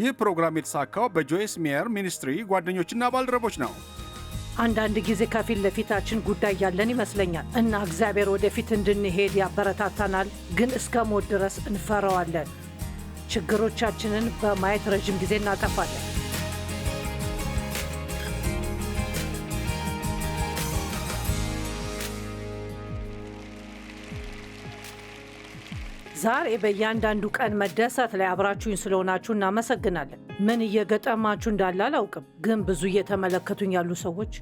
ይህ ፕሮግራም የተሳካው በጆይስ ሜየር ሚኒስትሪ ጓደኞችና ባልደረቦች ነው። አንዳንድ ጊዜ ከፊት ለፊታችን ጉዳይ ያለን ይመስለኛል እና እግዚአብሔር ወደፊት እንድንሄድ ያበረታታናል፣ ግን እስከ ሞት ድረስ እንፈራዋለን። ችግሮቻችንን በማየት ረዥም ጊዜ እናጠፋለን። ዛሬ በእያንዳንዱ ቀን መደሰት ላይ አብራችሁኝ ስለሆናችሁ እናመሰግናለን። ምን እየገጠማችሁ እንዳለ አላውቅም፣ ግን ብዙ እየተመለከቱኝ ያሉ ሰዎች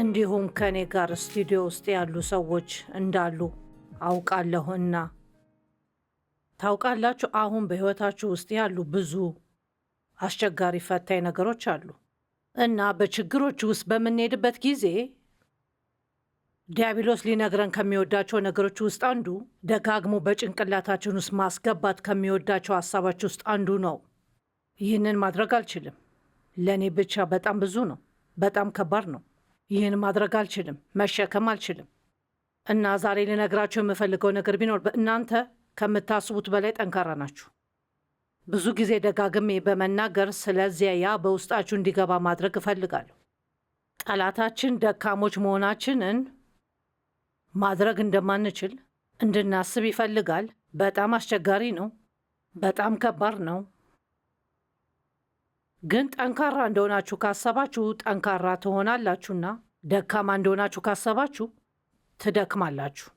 እንዲሁም ከእኔ ጋር ስቱዲዮ ውስጥ ያሉ ሰዎች እንዳሉ አውቃለሁ እና ታውቃላችሁ፣ አሁን በሕይወታችሁ ውስጥ ያሉ ብዙ አስቸጋሪ ፈታኝ ነገሮች አሉ እና በችግሮች ውስጥ በምንሄድበት ጊዜ ዲያብሎስ ሊነግረን ከሚወዳቸው ነገሮች ውስጥ አንዱ ደጋግሞ በጭንቅላታችን ውስጥ ማስገባት ከሚወዳቸው ሀሳቦች ውስጥ አንዱ ነው። ይህንን ማድረግ አልችልም፣ ለእኔ ብቻ በጣም ብዙ ነው፣ በጣም ከባድ ነው፣ ይህን ማድረግ አልችልም፣ መሸከም አልችልም። እና ዛሬ ልነግራቸው የምፈልገው ነገር ቢኖር እናንተ ከምታስቡት በላይ ጠንካራ ናችሁ። ብዙ ጊዜ ደጋግሜ በመናገር ስለዚያ ያ በውስጣችሁ እንዲገባ ማድረግ እፈልጋለሁ። ጠላታችን ደካሞች መሆናችንን ማድረግ እንደማንችል እንድናስብ ይፈልጋል። በጣም አስቸጋሪ ነው። በጣም ከባድ ነው። ግን ጠንካራ እንደሆናችሁ ካሰባችሁ ጠንካራ ትሆናላችሁና ደካማ እንደሆናችሁ ካሰባችሁ ትደክማላችሁ።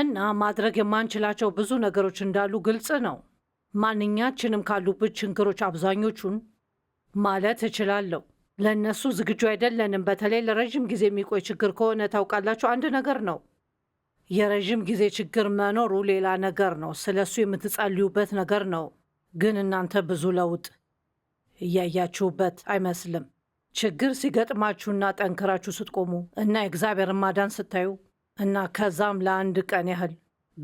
እና ማድረግ የማንችላቸው ብዙ ነገሮች እንዳሉ ግልጽ ነው። ማንኛችንም ካሉብን ችግሮች አብዛኞቹን ማለት እችላለሁ ለእነሱ ዝግጁ አይደለንም። በተለይ ለረዥም ጊዜ የሚቆይ ችግር ከሆነ ታውቃላችሁ፣ አንድ ነገር ነው የረዥም ጊዜ ችግር መኖሩ ሌላ ነገር ነው። ስለ እሱ የምትጸልዩበት ነገር ነው። ግን እናንተ ብዙ ለውጥ እያያችሁበት አይመስልም። ችግር ሲገጥማችሁና ጠንክራችሁ ስትቆሙ እና የእግዚአብሔርን ማዳን ስታዩ እና ከዛም ለአንድ ቀን ያህል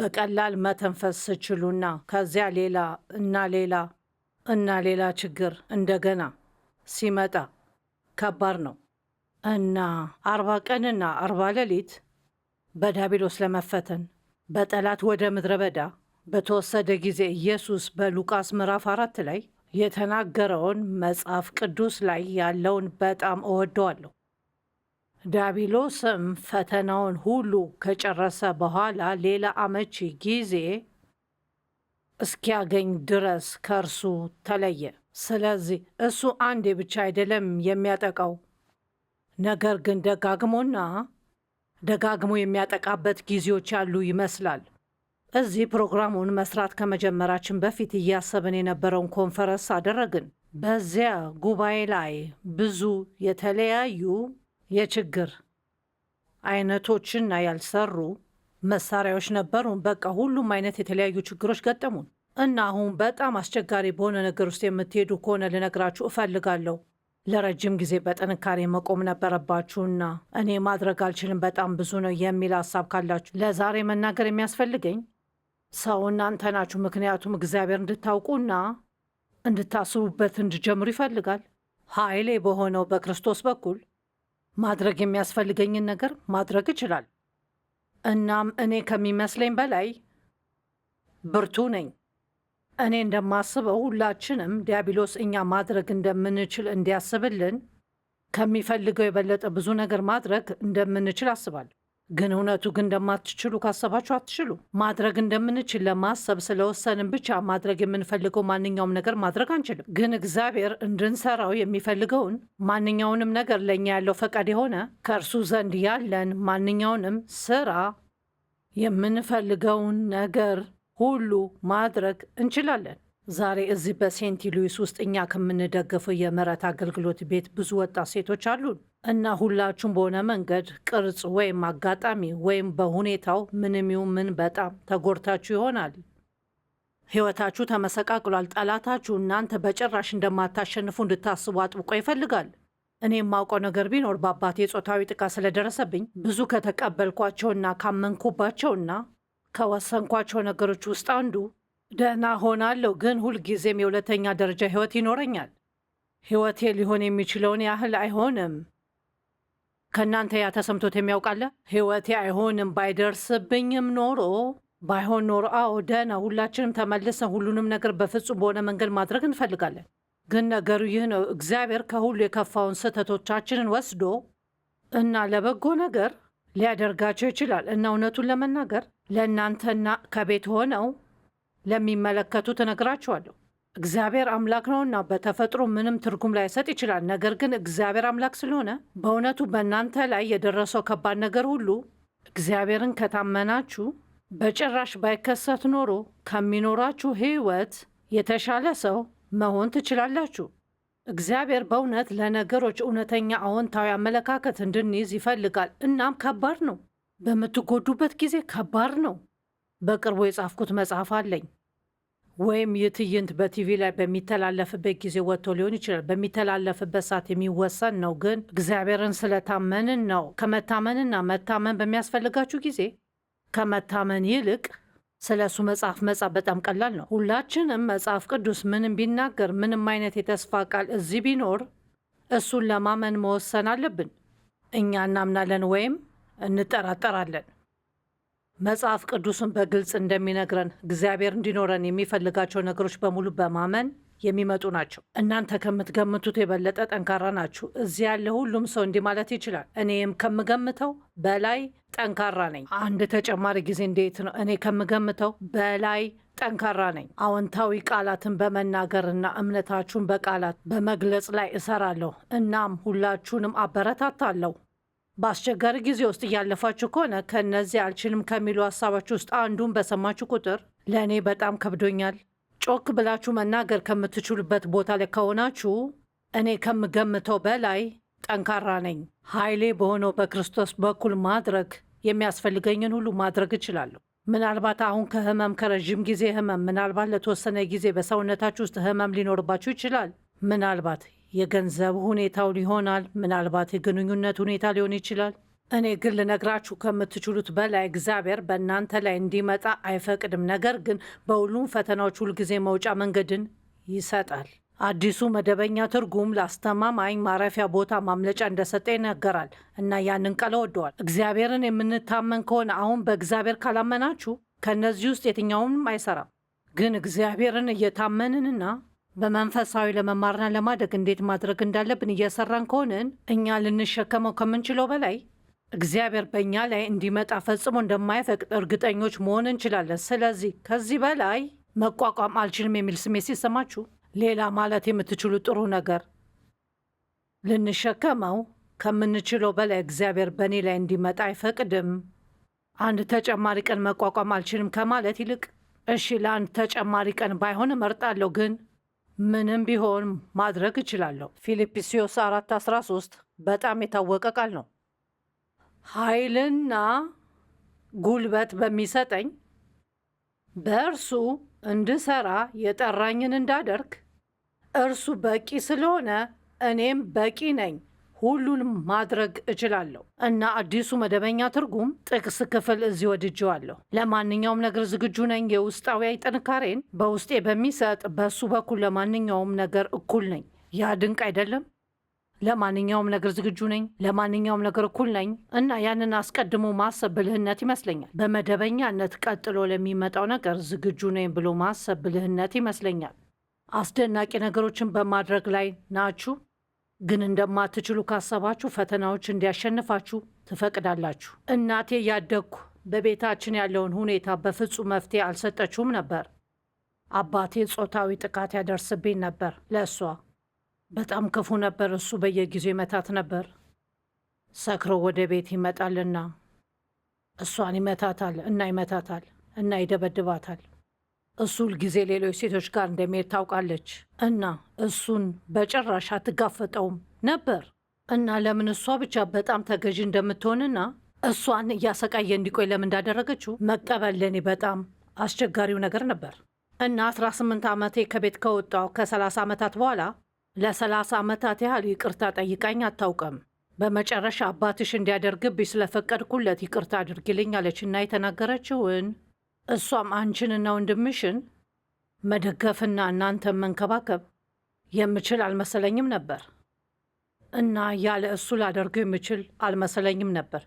በቀላል መተንፈስ ስችሉና ከዚያ ሌላ እና ሌላ እና ሌላ ችግር እንደገና ሲመጣ ከባድ ነው እና አርባ ቀንና አርባ ሌሊት በዳቢሎስ ለመፈተን በጠላት ወደ ምድረ በዳ በተወሰደ ጊዜ ኢየሱስ በሉቃስ ምዕራፍ አራት ላይ የተናገረውን መጽሐፍ ቅዱስ ላይ ያለውን በጣም እወደዋለሁ። ዳቢሎስም ፈተናውን ሁሉ ከጨረሰ በኋላ ሌላ አመቺ ጊዜ እስኪያገኝ ድረስ ከእርሱ ተለየ። ስለዚህ እሱ አንዴ ብቻ አይደለም የሚያጠቃው ነገር ግን ደጋግሞና ደጋግሞ የሚያጠቃበት ጊዜዎች ያሉ ይመስላል። እዚህ ፕሮግራሙን መስራት ከመጀመራችን በፊት እያሰብን የነበረውን ኮንፈረንስ አደረግን። በዚያ ጉባኤ ላይ ብዙ የተለያዩ የችግር አይነቶችና ያልሰሩ መሳሪያዎች ነበሩን። በቃ ሁሉም አይነት የተለያዩ ችግሮች ገጠሙን እና አሁን በጣም አስቸጋሪ በሆነ ነገር ውስጥ የምትሄዱ ከሆነ ልነግራችሁ እፈልጋለሁ። ለረጅም ጊዜ በጥንካሬ መቆም ነበረባችሁና እኔ ማድረግ አልችልም በጣም ብዙ ነው የሚል ሀሳብ ካላችሁ ለዛሬ መናገር የሚያስፈልገኝ ሰው እናንተ ናችሁ። ምክንያቱም እግዚአብሔር እንድታውቁና እንድታስቡበት እንድጀምሩ ይፈልጋል። ኃይሌ በሆነው በክርስቶስ በኩል ማድረግ የሚያስፈልገኝን ነገር ማድረግ ይችላል። እናም እኔ ከሚመስለኝ በላይ ብርቱ ነኝ። እኔ እንደማስበው ሁላችንም ዲያብሎስ እኛ ማድረግ እንደምንችል እንዲያስብልን ከሚፈልገው የበለጠ ብዙ ነገር ማድረግ እንደምንችል አስባለሁ። ግን እውነቱ ግን እንደማትችሉ ካሰባችሁ አትችሉ። ማድረግ እንደምንችል ለማሰብ ስለወሰንን ብቻ ማድረግ የምንፈልገው ማንኛውም ነገር ማድረግ አንችልም። ግን እግዚአብሔር እንድንሰራው የሚፈልገውን ማንኛውንም ነገር ለእኛ ያለው ፈቃድ የሆነ ከእርሱ ዘንድ ያለን ማንኛውንም ስራ የምንፈልገውን ነገር ሁሉ ማድረግ እንችላለን። ዛሬ እዚህ በሴንት ሉዊስ ውስጥ እኛ ከምንደግፈው የምህረት አገልግሎት ቤት ብዙ ወጣት ሴቶች አሉን እና ሁላችሁም በሆነ መንገድ ቅርጽ ወይም አጋጣሚ ወይም በሁኔታው ምንም ይሁን ምን በጣም ተጎድታችሁ ይሆናል። ሕይወታችሁ ተመሰቃቅሏል። ጠላታችሁ እናንተ በጭራሽ እንደማታሸንፉ እንድታስቡ አጥብቆ ይፈልጋል። እኔ የማውቀው ነገር ቢኖር በአባቴ ጾታዊ ጥቃት ስለደረሰብኝ ብዙ ከተቀበልኳቸውና ካመንኩባቸውና ከወሰንኳቸው ነገሮች ውስጥ አንዱ ደህና ሆናለሁ፣ ግን ሁልጊዜም የሁለተኛ ደረጃ ህይወት ይኖረኛል። ህይወቴ ሊሆን የሚችለውን ያህል አይሆንም። ከእናንተ ያ ተሰምቶት የሚያውቃለ? ህይወቴ አይሆንም ባይደርስብኝም ኖሮ ባይሆን ኖሮ አዎ፣ ደህና ሁላችንም ተመልሰን ሁሉንም ነገር በፍጹም በሆነ መንገድ ማድረግ እንፈልጋለን። ግን ነገሩ ይህ ነው። እግዚአብሔር ከሁሉ የከፋውን ስህተቶቻችንን ወስዶ እና ለበጎ ነገር ሊያደርጋቸው ይችላል እና እውነቱን ለመናገር ለእናንተና ከቤት ሆነው ለሚመለከቱት እነግራችኋለሁ። እግዚአብሔር አምላክ ነውና በተፈጥሮ ምንም ትርጉም ላይሰጥ ይችላል። ነገር ግን እግዚአብሔር አምላክ ስለሆነ በእውነቱ በእናንተ ላይ የደረሰው ከባድ ነገር ሁሉ እግዚአብሔርን ከታመናችሁ በጭራሽ ባይከሰት ኖሮ ከሚኖራችሁ ሕይወት የተሻለ ሰው መሆን ትችላላችሁ። እግዚአብሔር በእውነት ለነገሮች እውነተኛ አዎንታዊ አመለካከት እንድንይዝ ይፈልጋል። እናም ከባድ ነው። በምትጎዱበት ጊዜ ከባድ ነው። በቅርቡ የጻፍኩት መጽሐፍ አለኝ። ወይም ይህ ትዕይንት በቲቪ ላይ በሚተላለፍበት ጊዜ ወጥቶ ሊሆን ይችላል። በሚተላለፍበት ሰዓት የሚወሰን ነው፣ ግን እግዚአብሔርን ስለታመንን ነው። ከመታመንና መታመን በሚያስፈልጋችሁ ጊዜ ከመታመን ይልቅ ስለ እሱ መጽሐፍ መጻፍ በጣም ቀላል ነው። ሁላችንም መጽሐፍ ቅዱስ ምንም ቢናገር ምንም አይነት የተስፋ ቃል እዚህ ቢኖር እሱን ለማመን መወሰን አለብን። እኛ እናምናለን ወይም እንጠራጠራለን። መጽሐፍ ቅዱስን በግልጽ እንደሚነግረን እግዚአብሔር እንዲኖረን የሚፈልጋቸው ነገሮች በሙሉ በማመን የሚመጡ ናቸው። እናንተ ከምትገምቱት የበለጠ ጠንካራ ናችሁ። እዚህ ያለ ሁሉም ሰው እንዲህ ማለት ይችላል። እኔም ከምገምተው በላይ ጠንካራ ነኝ። አንድ ተጨማሪ ጊዜ እንዴት ነው? እኔ ከምገምተው በላይ ጠንካራ ነኝ። አዎንታዊ ቃላትን በመናገርና እምነታችሁን በቃላት በመግለጽ ላይ እሰራለሁ። እናም ሁላችሁንም አበረታታለሁ። በአስቸጋሪ ጊዜ ውስጥ እያለፋችሁ ከሆነ ከእነዚህ አልችልም ከሚሉ ሀሳባችሁ ውስጥ አንዱን በሰማችሁ ቁጥር ለእኔ በጣም ከብዶኛል ጮክ ብላችሁ መናገር ከምትችሉበት ቦታ ላይ ከሆናችሁ እኔ ከምገምተው በላይ ጠንካራ ነኝ። ኃይሌ በሆነው በክርስቶስ በኩል ማድረግ የሚያስፈልገኝን ሁሉ ማድረግ እችላለሁ። ምናልባት አሁን ከህመም ከረዥም ጊዜ ህመም፣ ምናልባት ለተወሰነ ጊዜ በሰውነታችሁ ውስጥ ህመም ሊኖርባችሁ ይችላል። ምናልባት የገንዘብ ሁኔታው ሊሆናል። ምናልባት የግንኙነት ሁኔታ ሊሆን ይችላል። እኔ ግን ልነግራችሁ ከምትችሉት በላይ እግዚአብሔር በእናንተ ላይ እንዲመጣ አይፈቅድም። ነገር ግን በሁሉም ፈተናዎች ሁልጊዜ መውጫ መንገድን ይሰጣል። አዲሱ መደበኛ ትርጉም ለአስተማማኝ ማረፊያ ቦታ ማምለጫ እንደሰጠ ይነገራል እና ያንን ቃል ወደዋል። እግዚአብሔርን የምንታመን ከሆነ አሁን በእግዚአብሔር ካላመናችሁ ከእነዚህ ውስጥ የትኛውም አይሰራም። ግን እግዚአብሔርን እየታመንንና በመንፈሳዊ ለመማርና ለማደግ እንዴት ማድረግ እንዳለብን እየሰራን ከሆንን እኛ ልንሸከመው ከምንችለው በላይ እግዚአብሔር በእኛ ላይ እንዲመጣ ፈጽሞ እንደማይፈቅድ እርግጠኞች መሆን እንችላለን። ስለዚህ ከዚህ በላይ መቋቋም አልችልም የሚል ስሜት ሲሰማችሁ ሌላ ማለት የምትችሉ ጥሩ ነገር ልንሸከመው ከምንችለው በላይ እግዚአብሔር በእኔ ላይ እንዲመጣ አይፈቅድም። አንድ ተጨማሪ ቀን መቋቋም አልችልም ከማለት ይልቅ እሺ ለአንድ ተጨማሪ ቀን ባይሆን እመርጣለሁ፣ ግን ምንም ቢሆን ማድረግ እችላለሁ። ፊልጵስዩስ 4፥13 በጣም የታወቀ ቃል ነው። ኃይልና ጉልበት በሚሰጠኝ በእርሱ እንድሠራ የጠራኝን እንዳደርግ እርሱ በቂ ስለሆነ እኔም በቂ ነኝ፣ ሁሉንም ማድረግ እችላለሁ። እና አዲሱ መደበኛ ትርጉም ጥቅስ ክፍል እዚህ ወድጄዋለሁ። ለማንኛውም ነገር ዝግጁ ነኝ። የውስጣዊ ጥንካሬን በውስጤ በሚሰጥ በሱ በኩል ለማንኛውም ነገር እኩል ነኝ። ያ ድንቅ አይደለም? ለማንኛውም ነገር ዝግጁ ነኝ፣ ለማንኛውም ነገር እኩል ነኝ እና ያንን አስቀድሞ ማሰብ ብልህነት ይመስለኛል። በመደበኛነት ቀጥሎ ለሚመጣው ነገር ዝግጁ ነኝ ብሎ ማሰብ ብልህነት ይመስለኛል። አስደናቂ ነገሮችን በማድረግ ላይ ናችሁ፣ ግን እንደማትችሉ ካሰባችሁ ፈተናዎች እንዲያሸንፋችሁ ትፈቅዳላችሁ። እናቴ ያደግኩ በቤታችን ያለውን ሁኔታ በፍጹም መፍትሄ አልሰጠችውም ነበር። አባቴ ጾታዊ ጥቃት ያደርስብኝ ነበር ለእሷ በጣም ክፉ ነበር። እሱ በየጊዜው ይመታት ነበር። ሰክሮ ወደ ቤት ይመጣልና እሷን ይመታታል እና ይመታታል እና ይደበድባታል። እሱ ሁልጊዜ ሌሎች ሴቶች ጋር እንደሚሄድ ታውቃለች እና እሱን በጭራሽ አትጋፈጠውም ነበር እና ለምን እሷ ብቻ በጣም ተገዢ እንደምትሆንና እሷን እያሰቃየ እንዲቆይ ለምን እንዳደረገችው መቀበል ለኔ በጣም አስቸጋሪው ነገር ነበር እና 18 ዓመቴ ከቤት ከወጣው ከ30 ዓመታት በኋላ ለ30 ዓመታት ያህል ይቅርታ ጠይቃኝ አታውቅም። በመጨረሻ አባትሽ እንዲያደርግብሽ ስለፈቀድኩለት ይቅርታ አድርጊልኝ አለችና የተናገረችውን እሷም አንቺንና ወንድምሽን መደገፍና እናንተን መንከባከብ የምችል አልመሰለኝም ነበር እና ያለ እሱ ላደርገው የምችል አልመሰለኝም ነበር።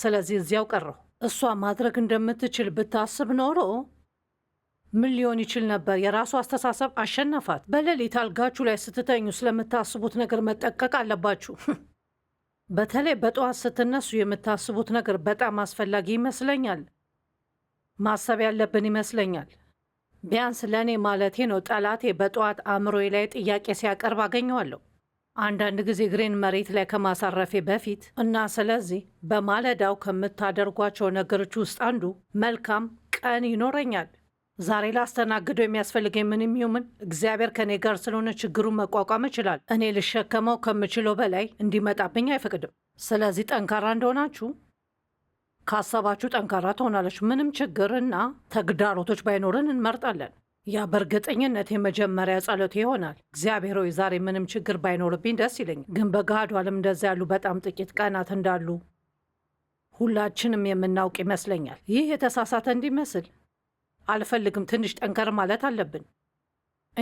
ስለዚህ እዚያው ቀረሁ። እሷ ማድረግ እንደምትችል ብታስብ ኖሮ ምን ሊሆን ይችል ነበር? የራሱ አስተሳሰብ አሸነፋት። በሌሊት አልጋችሁ ላይ ስትተኙ ስለምታስቡት ነገር መጠቀቅ አለባችሁ። በተለይ በጠዋት ስትነሱ የምታስቡት ነገር በጣም አስፈላጊ ይመስለኛል። ማሰብ ያለብን ይመስለኛል። ቢያንስ ለእኔ ማለቴ ነው። ጠላቴ በጠዋት አእምሮዬ ላይ ጥያቄ ሲያቀርብ አገኘዋለሁ። አንዳንድ ጊዜ እግሬን መሬት ላይ ከማሳረፌ በፊት እና ስለዚህ በማለዳው ከምታደርጓቸው ነገሮች ውስጥ አንዱ መልካም ቀን ይኖረኛል ዛሬ ላስተናግደው የሚያስፈልገኝ ምንም ይሁን እግዚአብሔር ከእኔ ጋር ስለሆነ ችግሩን መቋቋም ይችላል እኔ ልሸከመው ከምችለው በላይ እንዲመጣብኝ አይፈቅድም። ስለዚህ ጠንካራ እንደሆናችሁ ካሰባችሁ ጠንካራ ትሆናለች። ምንም ችግርና ተግዳሮቶች ባይኖርን እንመርጣለን። ያ በእርግጠኝነት የመጀመሪያ ጸሎት ይሆናል። እግዚአብሔር ሆይ ዛሬ ምንም ችግር ባይኖርብኝ ደስ ይለኛል። ግን በገሃዱ ዓለም እንደዚ ያሉ በጣም ጥቂት ቀናት እንዳሉ ሁላችንም የምናውቅ ይመስለኛል። ይህ የተሳሳተ እንዲመስል አልፈልግም። ትንሽ ጠንከር ማለት አለብን።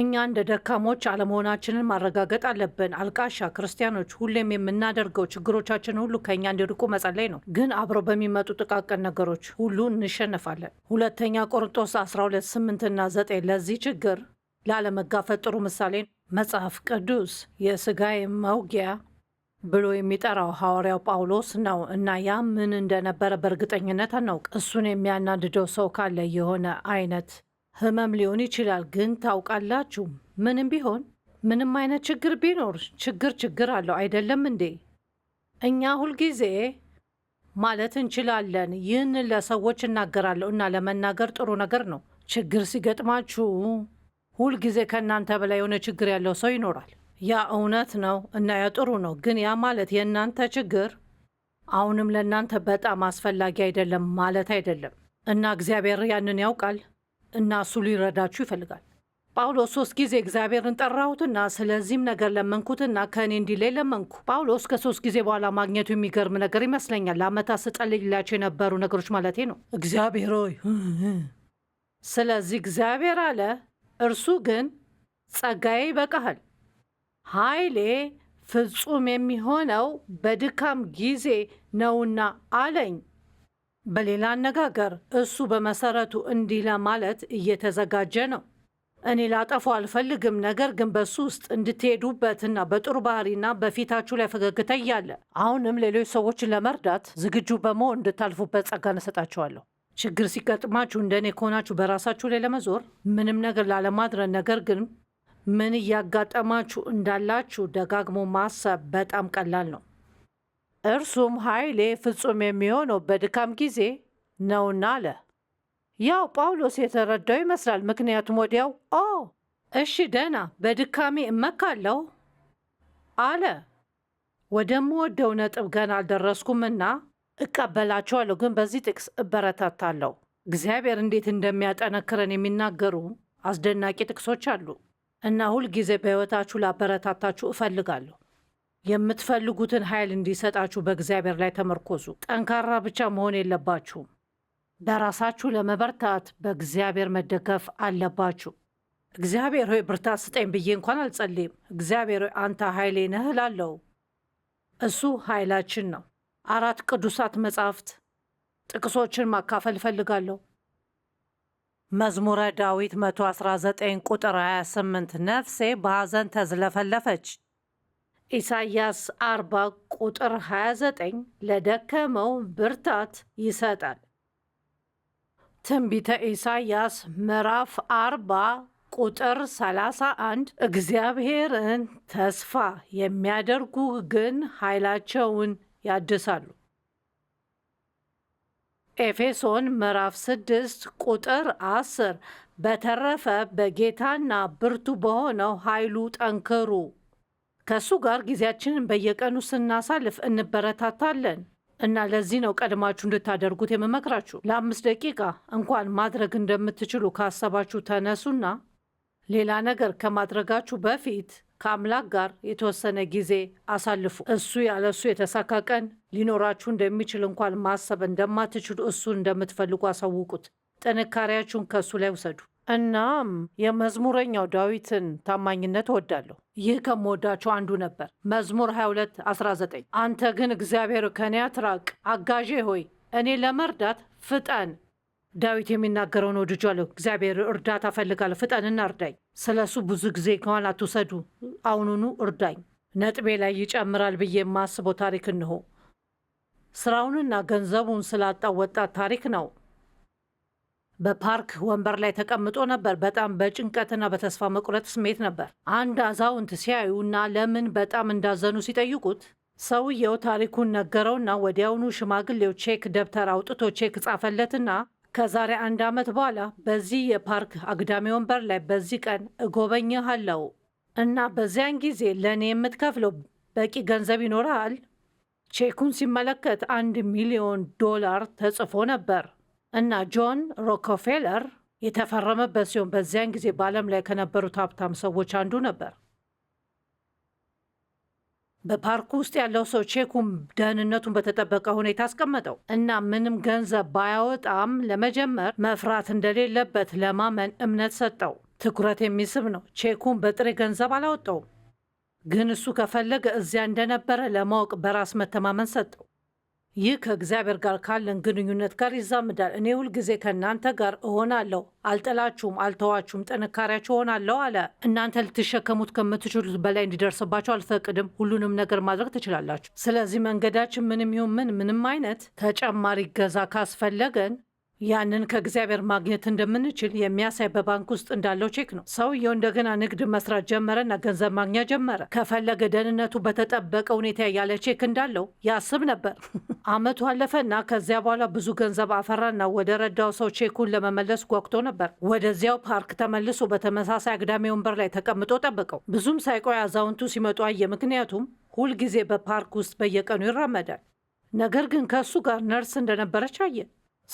እኛ እንደ ደካሞች አለመሆናችንን ማረጋገጥ አለብን። አልቃሻ ክርስቲያኖች ሁሌም የምናደርገው ችግሮቻችን ሁሉ ከእኛ እንዲርቁ መጸለይ ነው፣ ግን አብረው በሚመጡ ጥቃቅን ነገሮች ሁሉ እንሸነፋለን። ሁለተኛ ቆርንጦስ 12 8ና 9 ለዚህ ችግር ላለመጋፈጥ ጥሩ ምሳሌ መጽሐፍ ቅዱስ የሥጋዬ መውጊያ ብሎ የሚጠራው ሐዋርያው ጳውሎስ ነው እና ያ ምን እንደነበረ በእርግጠኝነት አናውቅ። እሱን የሚያናድደው ሰው ካለ የሆነ አይነት ህመም ሊሆን ይችላል። ግን ታውቃላችሁ፣ ምንም ቢሆን ምንም አይነት ችግር ቢኖር ችግር ችግር አለው አይደለም እንዴ? እኛ ሁልጊዜ ማለት እንችላለን። ይህንን ለሰዎች እናገራለሁ እና ለመናገር ጥሩ ነገር ነው። ችግር ሲገጥማችሁ ሁልጊዜ ከእናንተ በላይ የሆነ ችግር ያለው ሰው ይኖራል። ያ እውነት ነው እና የጥሩ ነው። ግን ያ ማለት የእናንተ ችግር አሁንም ለእናንተ በጣም አስፈላጊ አይደለም ማለት አይደለም። እና እግዚአብሔር ያንን ያውቃል እና እሱ ሊረዳችሁ ይፈልጋል። ጳውሎስ ሶስት ጊዜ እግዚአብሔርን ጠራሁትና ስለዚህም ነገር ለመንኩትና ከእኔ እንዲለይ ለመንኩ። ጳውሎስ ከሶስት ጊዜ በኋላ ማግኘቱ የሚገርም ነገር ይመስለኛል። ለአመታት ስጠልላቸው የነበሩ ነገሮች ማለቴ ነው። እግዚአብሔር ሆይ። ስለዚህ እግዚአብሔር አለ፣ እርሱ ግን ጸጋዬ ይበቃሃል ኃይሌ ፍጹም የሚሆነው በድካም ጊዜ ነውና አለኝ። በሌላ አነጋገር እሱ በመሰረቱ እንዲህ ለማለት እየተዘጋጀ ነው። እኔ ላጠፋው አልፈልግም፣ ነገር ግን በሱ ውስጥ እንድትሄዱበትና በጥሩ ባህሪና በፊታችሁ ላይ ፈገግታ እያለ አሁንም ሌሎች ሰዎችን ለመርዳት ዝግጁ በመሆን እንድታልፉበት ጸጋ እሰጣችኋለሁ። ችግር ሲገጥማችሁ እንደኔ ከሆናችሁ በራሳችሁ ላይ ለመዞር ምንም ነገር ላለማድረግ ነገር ግን ምን እያጋጠማችሁ እንዳላችሁ ደጋግሞ ማሰብ በጣም ቀላል ነው። እርሱም ኃይሌ ፍጹም የሚሆነው በድካም ጊዜ ነውና አለ። ያው ጳውሎስ የተረዳው ይመስላል። ምክንያቱም ወዲያው ኦ እሺ ደህና በድካሜ እመካለሁ አለ። ወደምወደው ነጥብ ገና አልደረስኩምና እቀበላቸዋለሁ፣ ግን በዚህ ጥቅስ እበረታታለሁ። እግዚአብሔር እንዴት እንደሚያጠነክረን የሚናገሩ አስደናቂ ጥቅሶች አሉ። እና ሁልጊዜ በሕይወታችሁ ላበረታታችሁ እፈልጋለሁ። የምትፈልጉትን ኃይል እንዲሰጣችሁ በእግዚአብሔር ላይ ተመርኮዙ። ጠንካራ ብቻ መሆን የለባችሁም። በራሳችሁ ለመበርታት በእግዚአብሔር መደገፍ አለባችሁ። እግዚአብሔር ሆይ ብርታት ስጠኝ ብዬ እንኳን አልጸልይም። እግዚአብሔር ሆይ አንተ ኃይሌ ነህ እላለሁ። እሱ ኃይላችን ነው። አራት ቅዱሳት መጻሕፍት ጥቅሶችን ማካፈል እፈልጋለሁ። መዝሙረ ዳዊት 119 ቁጥር 28 ነፍሴ በሐዘን ተዝለፈለፈች። ኢሳይያስ 40 ቁጥር 29 ለደከመው ብርታት ይሰጣል። ትንቢተ ኢሳይያስ ምዕራፍ 40 ቁጥር 31 እግዚአብሔርን ተስፋ የሚያደርጉ ግን ኃይላቸውን ያድሳሉ ኤፌሶን ምዕራፍ 6 ቁጥር 10 በተረፈ በጌታና ብርቱ በሆነው ኃይሉ ጠንክሩ። ከእሱ ጋር ጊዜያችንን በየቀኑ ስናሳልፍ እንበረታታለን እና ለዚህ ነው ቀድማችሁ እንድታደርጉት የምመክራችሁ። ለአምስት ደቂቃ እንኳን ማድረግ እንደምትችሉ ካሰባችሁ ተነሱና ሌላ ነገር ከማድረጋችሁ በፊት ከአምላክ ጋር የተወሰነ ጊዜ አሳልፉ። እሱ ያለ እሱ የተሳካ ቀን ሊኖራችሁ እንደሚችል እንኳን ማሰብ እንደማትችሉ እሱን እንደምትፈልጉ አሳውቁት። ጥንካሬያችሁን ከእሱ ላይ ውሰዱ። እናም የመዝሙረኛው ዳዊትን ታማኝነት እወዳለሁ። ይህ ከምወዳቸው አንዱ ነበር። መዝሙር 22 19 አንተ ግን እግዚአብሔር ከኔ አትራቅ፣ አጋዤ ሆይ እኔ ለመርዳት ፍጠን ዳዊት የሚናገረውን ወድጃለሁ። እግዚአብሔር እርዳታ ፈልጋለ። ፍጠንና እርዳኝ። ስለሱ ብዙ ጊዜ ከኋላ አትውሰዱ፣ አሁኑኑ እርዳኝ። ነጥቤ ላይ ይጨምራል ብዬ የማስበው ታሪክ እንሆ ስራውንና ገንዘቡን ስላጣው ወጣት ታሪክ ነው። በፓርክ ወንበር ላይ ተቀምጦ ነበር። በጣም በጭንቀትና በተስፋ መቁረጥ ስሜት ነበር። አንድ አዛውንት ሲያዩ እና ለምን በጣም እንዳዘኑ ሲጠይቁት ሰውየው ታሪኩን ነገረውና ወዲያውኑ ሽማግሌው ቼክ ደብተር አውጥቶ ቼክ ጻፈለትና ከዛሬ አንድ ዓመት በኋላ በዚህ የፓርክ አግዳሚ ወንበር ላይ በዚህ ቀን እጎበኝሃለሁ እና በዚያን ጊዜ ለእኔ የምትከፍለው በቂ ገንዘብ ይኖራል። ቼኩን ሲመለከት አንድ ሚሊዮን ዶላር ተጽፎ ነበር እና ጆን ሮኮፌለር የተፈረመበት ሲሆን በዚያን ጊዜ በዓለም ላይ ከነበሩት ሀብታም ሰዎች አንዱ ነበር። በፓርኩ ውስጥ ያለው ሰው ቼኩም ደህንነቱን በተጠበቀ ሁኔታ አስቀመጠው እና ምንም ገንዘብ ባያወጣም ለመጀመር መፍራት እንደሌለበት ለማመን እምነት ሰጠው። ትኩረት የሚስብ ነው። ቼኩን በጥሬ ገንዘብ አላወጣውም፣ ግን እሱ ከፈለገ እዚያ እንደነበረ ለማወቅ በራስ መተማመን ሰጠው። ይህ ከእግዚአብሔር ጋር ካለን ግንኙነት ጋር ይዛምዳል። እኔ ሁልጊዜ ከእናንተ ጋር እሆናለሁ፣ አልጠላችሁም፣ አልተዋችሁም፣ ጥንካሬያችሁ እሆናለሁ አለ። እናንተ ልትሸከሙት ከምትችሉት በላይ እንዲደርስባቸው አልፈቅድም። ሁሉንም ነገር ማድረግ ትችላላችሁ። ስለዚህ መንገዳችን ምንም ይሁን ምን፣ ምንም አይነት ተጨማሪ ገዛ ካስፈለገን ያንን ከእግዚአብሔር ማግኘት እንደምንችል የሚያሳይ በባንክ ውስጥ እንዳለው ቼክ ነው። ሰውየው እንደገና ንግድ መስራት ጀመረና ገንዘብ ማግኛ ጀመረ። ከፈለገ ደህንነቱ በተጠበቀ ሁኔታ ያለ ቼክ እንዳለው ያስብ ነበር። አመቱ አለፈና ከዚያ በኋላ ብዙ ገንዘብ አፈራና ወደ ረዳው ሰው ቼኩን ለመመለስ ጓጉቶ ነበር። ወደዚያው ፓርክ ተመልሶ በተመሳሳይ አግዳሚ ወንበር ላይ ተቀምጦ ጠበቀው። ብዙም ሳይቆይ አዛውንቱ ሲመጡ አየ። ምክንያቱም ሁልጊዜ በፓርክ ውስጥ በየቀኑ ይራመዳል። ነገር ግን ከእሱ ጋር ነርስ እንደነበረች አየ።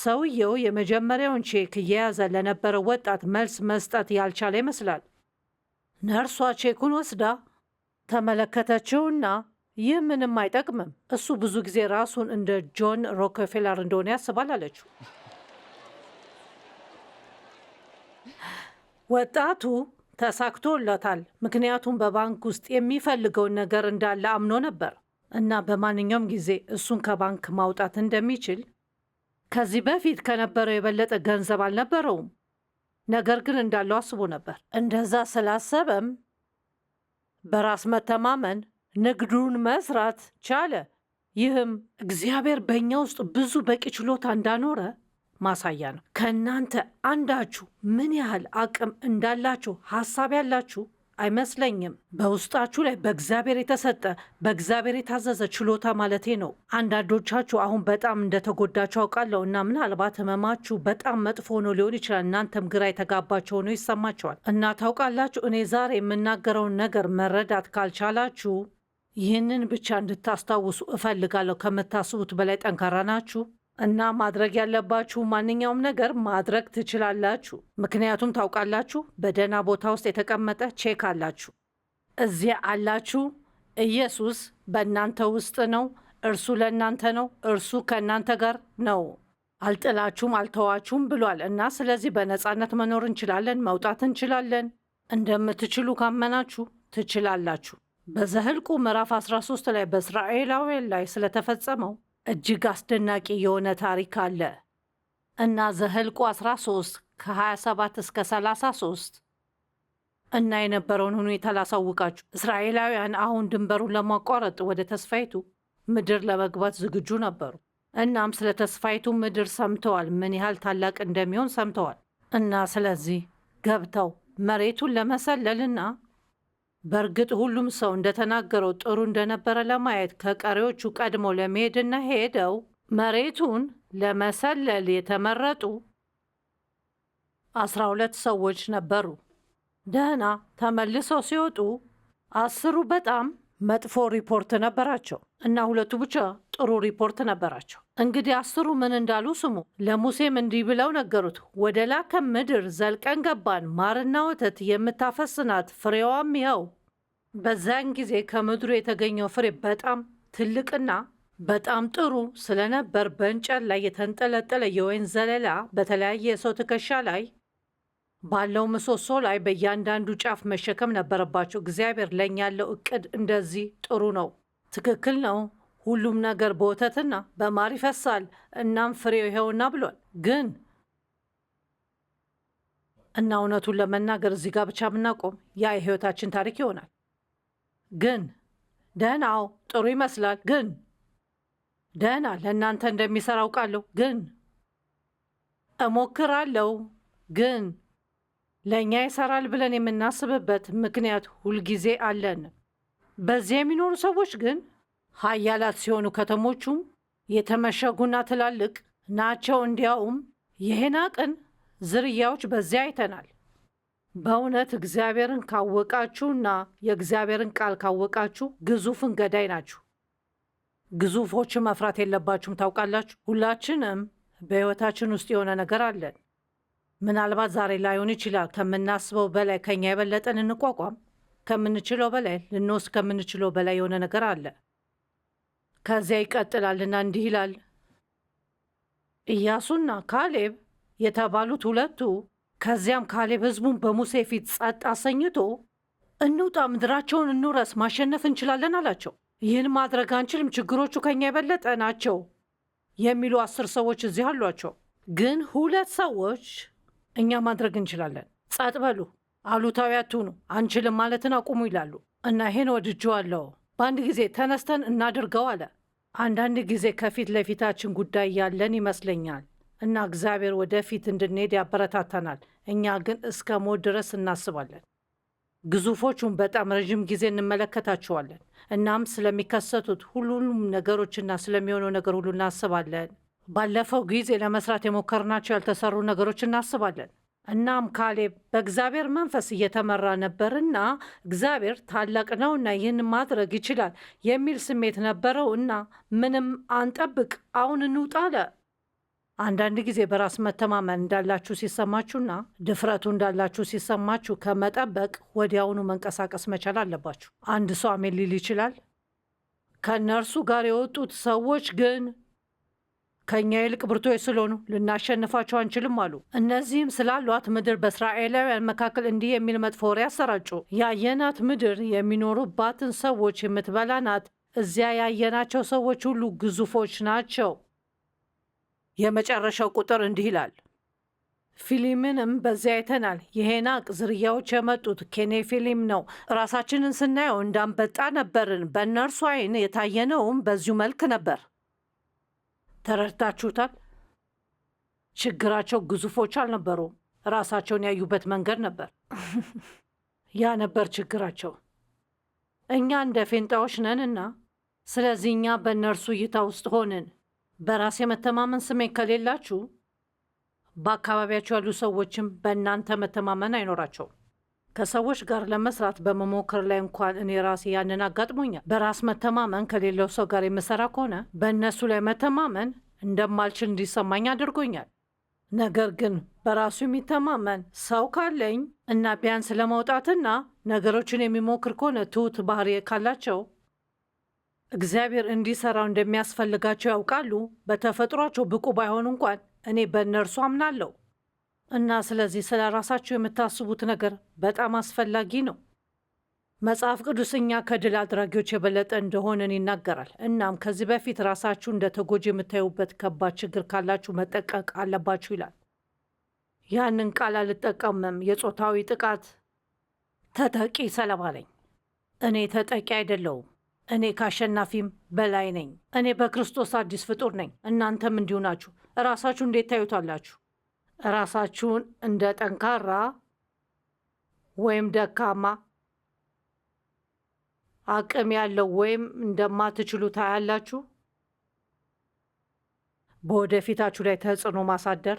ሰውየው የመጀመሪያውን ቼክ እየያዘ ለነበረው ወጣት መልስ መስጠት ያልቻለ ይመስላል። ነርሷ ቼኩን ወስዳ ተመለከተችውና ይህ ምንም አይጠቅምም፣ እሱ ብዙ ጊዜ ራሱን እንደ ጆን ሮከፌለር እንደሆነ ያስባል አለችው። ወጣቱ ተሳክቶለታል፣ ምክንያቱም በባንክ ውስጥ የሚፈልገውን ነገር እንዳለ አምኖ ነበር እና በማንኛውም ጊዜ እሱን ከባንክ ማውጣት እንደሚችል ከዚህ በፊት ከነበረው የበለጠ ገንዘብ አልነበረውም፣ ነገር ግን እንዳለው አስቦ ነበር። እንደዛ ስላሰበም በራስ መተማመን ንግዱን መስራት ቻለ። ይህም እግዚአብሔር በእኛ ውስጥ ብዙ በቂ ችሎታ እንዳኖረ ማሳያ ነው። ከእናንተ አንዳችሁ ምን ያህል አቅም እንዳላችሁ ሀሳብ ያላችሁ አይመስለኝም። በውስጣችሁ ላይ በእግዚአብሔር የተሰጠ በእግዚአብሔር የታዘዘ ችሎታ ማለቴ ነው። አንዳንዶቻችሁ አሁን በጣም እንደተጎዳችሁ አውቃለሁ እና ምናልባት ህመማችሁ በጣም መጥፎ ሆኖ ሊሆን ይችላል። እናንተም ግራ የተጋባቸው ሆኖ ይሰማቸዋል። እና ታውቃላችሁ፣ እኔ ዛሬ የምናገረውን ነገር መረዳት ካልቻላችሁ ይህንን ብቻ እንድታስታውሱ እፈልጋለሁ። ከምታስቡት በላይ ጠንካራ ናችሁ። እና ማድረግ ያለባችሁ ማንኛውም ነገር ማድረግ ትችላላችሁ። ምክንያቱም ታውቃላችሁ፣ በደህና ቦታ ውስጥ የተቀመጠ ቼክ አላችሁ። እዚያ አላችሁ። ኢየሱስ በእናንተ ውስጥ ነው። እርሱ ለእናንተ ነው። እርሱ ከእናንተ ጋር ነው። አልጥላችሁም፣ አልተዋችሁም ብሏል። እና ስለዚህ በነፃነት መኖር እንችላለን፣ መውጣት እንችላለን። እንደምትችሉ ካመናችሁ ትችላላችሁ። በዘህልቁ ምዕራፍ 13 ላይ በእስራኤላውያን ላይ ስለተፈጸመው እጅግ አስደናቂ የሆነ ታሪክ አለ እና ዘኍልቍ 13 ከ27 እስከ 33 እና የነበረውን ሁኔታ ላሳውቃችሁ። እስራኤላውያን አሁን ድንበሩን ለማቋረጥ ወደ ተስፋይቱ ምድር ለመግባት ዝግጁ ነበሩ። እናም ስለ ተስፋይቱ ምድር ሰምተዋል፣ ምን ያህል ታላቅ እንደሚሆን ሰምተዋል። እና ስለዚህ ገብተው መሬቱን ለመሰለልና በእርግጥ ሁሉም ሰው እንደተናገረው ጥሩ እንደነበረ ለማየት ከቀሪዎቹ ቀድሞ ለመሄድና ሄደው መሬቱን ለመሰለል የተመረጡ አስራ ሁለት ሰዎች ነበሩ። ደህና ተመልሰው ሲወጡ አስሩ በጣም መጥፎ ሪፖርት ነበራቸው እና ሁለቱ ብቻ ጥሩ ሪፖርት ነበራቸው። እንግዲህ አስሩ ምን እንዳሉ ስሙ። ለሙሴም እንዲህ ብለው ነገሩት፣ ወደ ላከ ምድር ዘልቀን ገባን፣ ማርና ወተት የምታፈስናት ፍሬዋም ይኸው። በዛን ጊዜ ከምድሩ የተገኘው ፍሬ በጣም ትልቅና በጣም ጥሩ ስለነበር በእንጨት ላይ የተንጠለጠለ የወይን ዘለላ በተለያየ የሰው ትከሻ ላይ ባለው ምሰሶ ላይ በእያንዳንዱ ጫፍ መሸከም ነበረባቸው። እግዚአብሔር ለእኛ ያለው እቅድ እንደዚህ ጥሩ ነው፣ ትክክል ነው። ሁሉም ነገር በወተትና በማር ይፈሳል፣ እናም ፍሬው ይኸውና ብሏል። ግን እና እውነቱን ለመናገር እዚህ ጋር ብቻ ብናቆም ያ የህይወታችን ታሪክ ይሆናል። ግን ደህናው ጥሩ ይመስላል። ግን ደህና ለእናንተ እንደሚሰራ አውቃለሁ። ግን እሞክራለሁ። ግን ለእኛ ይሰራል ብለን የምናስብበት ምክንያት ሁልጊዜ አለን። በዚህ የሚኖሩ ሰዎች ግን ሀያላት ሲሆኑ ከተሞቹም የተመሸጉና ትላልቅ ናቸው። እንዲያውም የዔናቅን ዝርያዎች በዚያ አይተናል። በእውነት እግዚአብሔርን ካወቃችሁና የእግዚአብሔርን ቃል ካወቃችሁ ግዙፍን ገዳይ ናችሁ። ግዙፎች መፍራት የለባችሁም። ታውቃላችሁ፣ ሁላችንም በሕይወታችን ውስጥ የሆነ ነገር አለን። ምናልባት ዛሬ ላይሆን ይችላል። ከምናስበው በላይ ከኛ የበለጠ ልንቋቋም ከምንችለው በላይ ልንወስድ ከምንችለው በላይ የሆነ ነገር አለ። ከዚያ ይቀጥላልና እንዲህ ይላል። ኢያሱና ካሌብ የተባሉት ሁለቱ ከዚያም ካሌብ ሕዝቡን በሙሴ ፊት ጸጥ አሰኝቶ እንውጣ፣ ምድራቸውን እንውረስ፣ ማሸነፍ እንችላለን አላቸው። ይህን ማድረግ አንችልም፣ ችግሮቹ ከኛ የበለጠ ናቸው የሚሉ አስር ሰዎች እዚህ አሏቸው። ግን ሁለት ሰዎች እኛ ማድረግ እንችላለን፣ ጸጥ በሉ፣ አሉታዊ አትሁኑ፣ አንችልም ማለትን አቁሙ ይላሉ እና ይሄን ወድጄዋለሁ። በአንድ ጊዜ ተነስተን እናድርገው አለ። አንዳንድ ጊዜ ከፊት ለፊታችን ጉዳይ ያለን ይመስለኛል እና እግዚአብሔር ወደፊት እንድንሄድ ያበረታታናል። እኛ ግን እስከ ሞት ድረስ እናስባለን። ግዙፎቹን በጣም ረዥም ጊዜ እንመለከታቸዋለን። እናም ስለሚከሰቱት ሁሉም ነገሮችና ስለሚሆነው ነገር ሁሉ እናስባለን። ባለፈው ጊዜ ለመስራት የሞከርናቸው ያልተሰሩ ነገሮች እናስባለን። እናም ካሌብ በእግዚአብሔር መንፈስ እየተመራ ነበርና እግዚአብሔር ታላቅ ነውና ይህን ማድረግ ይችላል የሚል ስሜት ነበረው እና ምንም አንጠብቅ፣ አሁን እንውጣ አለ። አንዳንድ ጊዜ በራስ መተማመን እንዳላችሁ ሲሰማችሁና ድፍረቱ እንዳላችሁ ሲሰማችሁ ከመጠበቅ ወዲያውኑ መንቀሳቀስ መቻል አለባችሁ። አንድ ሰው አሜን ሊል ይችላል። ከእነርሱ ጋር የወጡት ሰዎች ግን ከእኛ ይልቅ ብርቶች ስለሆኑ ልናሸንፋቸው አንችልም አሉ። እነዚህም ስላሏት ምድር በእስራኤላውያን መካከል እንዲህ የሚል መጥፎ ወሬ አሰራጩ። ያየናት ምድር የሚኖሩባትን ሰዎች የምትበላ ናት። እዚያ ያየናቸው ሰዎች ሁሉ ግዙፎች ናቸው። የመጨረሻው ቁጥር እንዲህ ይላል። ፊሊምንም በዚያ አይተናል። የሄናቅ ዝርያዎች የመጡት ኬኔ ፊሊም ነው። ራሳችንን ስናየው እንዳንበጣ ነበርን። በእነርሱ አይን የታየነውም በዚሁ መልክ ነበር። ተረድታችሁታል። ችግራቸው ግዙፎች አልነበሩም። ራሳቸውን ያዩበት መንገድ ነበር። ያ ነበር ችግራቸው። እኛ እንደ ፌንጣዎች ነንና፣ ስለዚህ እኛ በእነርሱ እይታ ውስጥ ሆንን። በራስ የመተማመን ስሜት ከሌላችሁ በአካባቢያቸው ያሉ ሰዎችም በእናንተ መተማመን አይኖራቸውም። ከሰዎች ጋር ለመስራት በመሞከር ላይ እንኳን እኔ ራሴ ያንን አጋጥሞኛል። በራስ መተማመን ከሌለው ሰው ጋር የምሰራ ከሆነ በእነሱ ላይ መተማመን እንደማልችል እንዲሰማኝ አድርጎኛል። ነገር ግን በራሱ የሚተማመን ሰው ካለኝ እና ቢያንስ ለመውጣትና ነገሮችን የሚሞክር ከሆነ ትውት ባህሪ ካላቸው እግዚአብሔር እንዲሰራው እንደሚያስፈልጋቸው ያውቃሉ። በተፈጥሯቸው ብቁ ባይሆን እንኳን እኔ በእነርሱ አምናለሁ። እና ስለዚህ ስለ ራሳችሁ የምታስቡት ነገር በጣም አስፈላጊ ነው። መጽሐፍ ቅዱስ እኛ ከድል አድራጊዎች የበለጠ እንደሆነን ይናገራል። እናም ከዚህ በፊት ራሳችሁ እንደ ተጎጂ የምታዩበት ከባድ ችግር ካላችሁ መጠቀቅ አለባችሁ ይላል። ያንን ቃል አልጠቀምም። የጾታዊ ጥቃት ተጠቂ ሰለባ ነኝ። እኔ ተጠቂ አይደለውም። እኔ ከአሸናፊም በላይ ነኝ። እኔ በክርስቶስ አዲስ ፍጡር ነኝ። እናንተም እንዲሁ ናችሁ። ራሳችሁ እንዴት ታዩታላችሁ? ራሳችሁን እንደ ጠንካራ ወይም ደካማ፣ አቅም ያለው ወይም እንደማትችሉ ታያላችሁ። በወደፊታችሁ ላይ ተጽዕኖ ማሳደር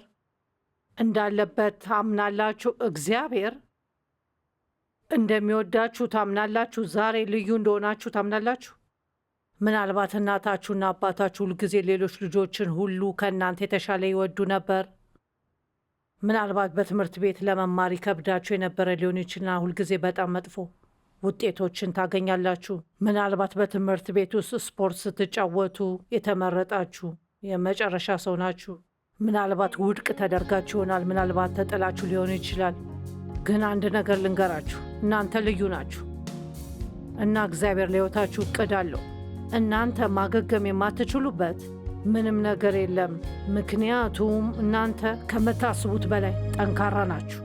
እንዳለበት ታምናላችሁ። እግዚአብሔር እንደሚወዳችሁ ታምናላችሁ። ዛሬ ልዩ እንደሆናችሁ ታምናላችሁ። ምናልባት እናታችሁና አባታችሁ ሁልጊዜ ሌሎች ልጆችን ሁሉ ከእናንተ የተሻለ ይወዱ ነበር። ምናልባት በትምህርት ቤት ለመማር ይከብዳችሁ የነበረ ሊሆን ይችላል። ሁልጊዜ በጣም መጥፎ ውጤቶችን ታገኛላችሁ። ምናልባት በትምህርት ቤት ውስጥ ስፖርት ስትጫወቱ የተመረጣችሁ የመጨረሻ ሰው ናችሁ። ምናልባት ውድቅ ተደርጋችሁ ይሆናል። ምናልባት ተጠላችሁ ሊሆን ይችላል። ግን አንድ ነገር ልንገራችሁ፣ እናንተ ልዩ ናችሁ እና እግዚአብሔር ለሕይወታችሁ እቅድ አለው። እናንተ ማገገም የማትችሉበት ምንም ነገር የለም። ምክንያቱም እናንተ ከምታስቡት በላይ ጠንካራ ናችሁ።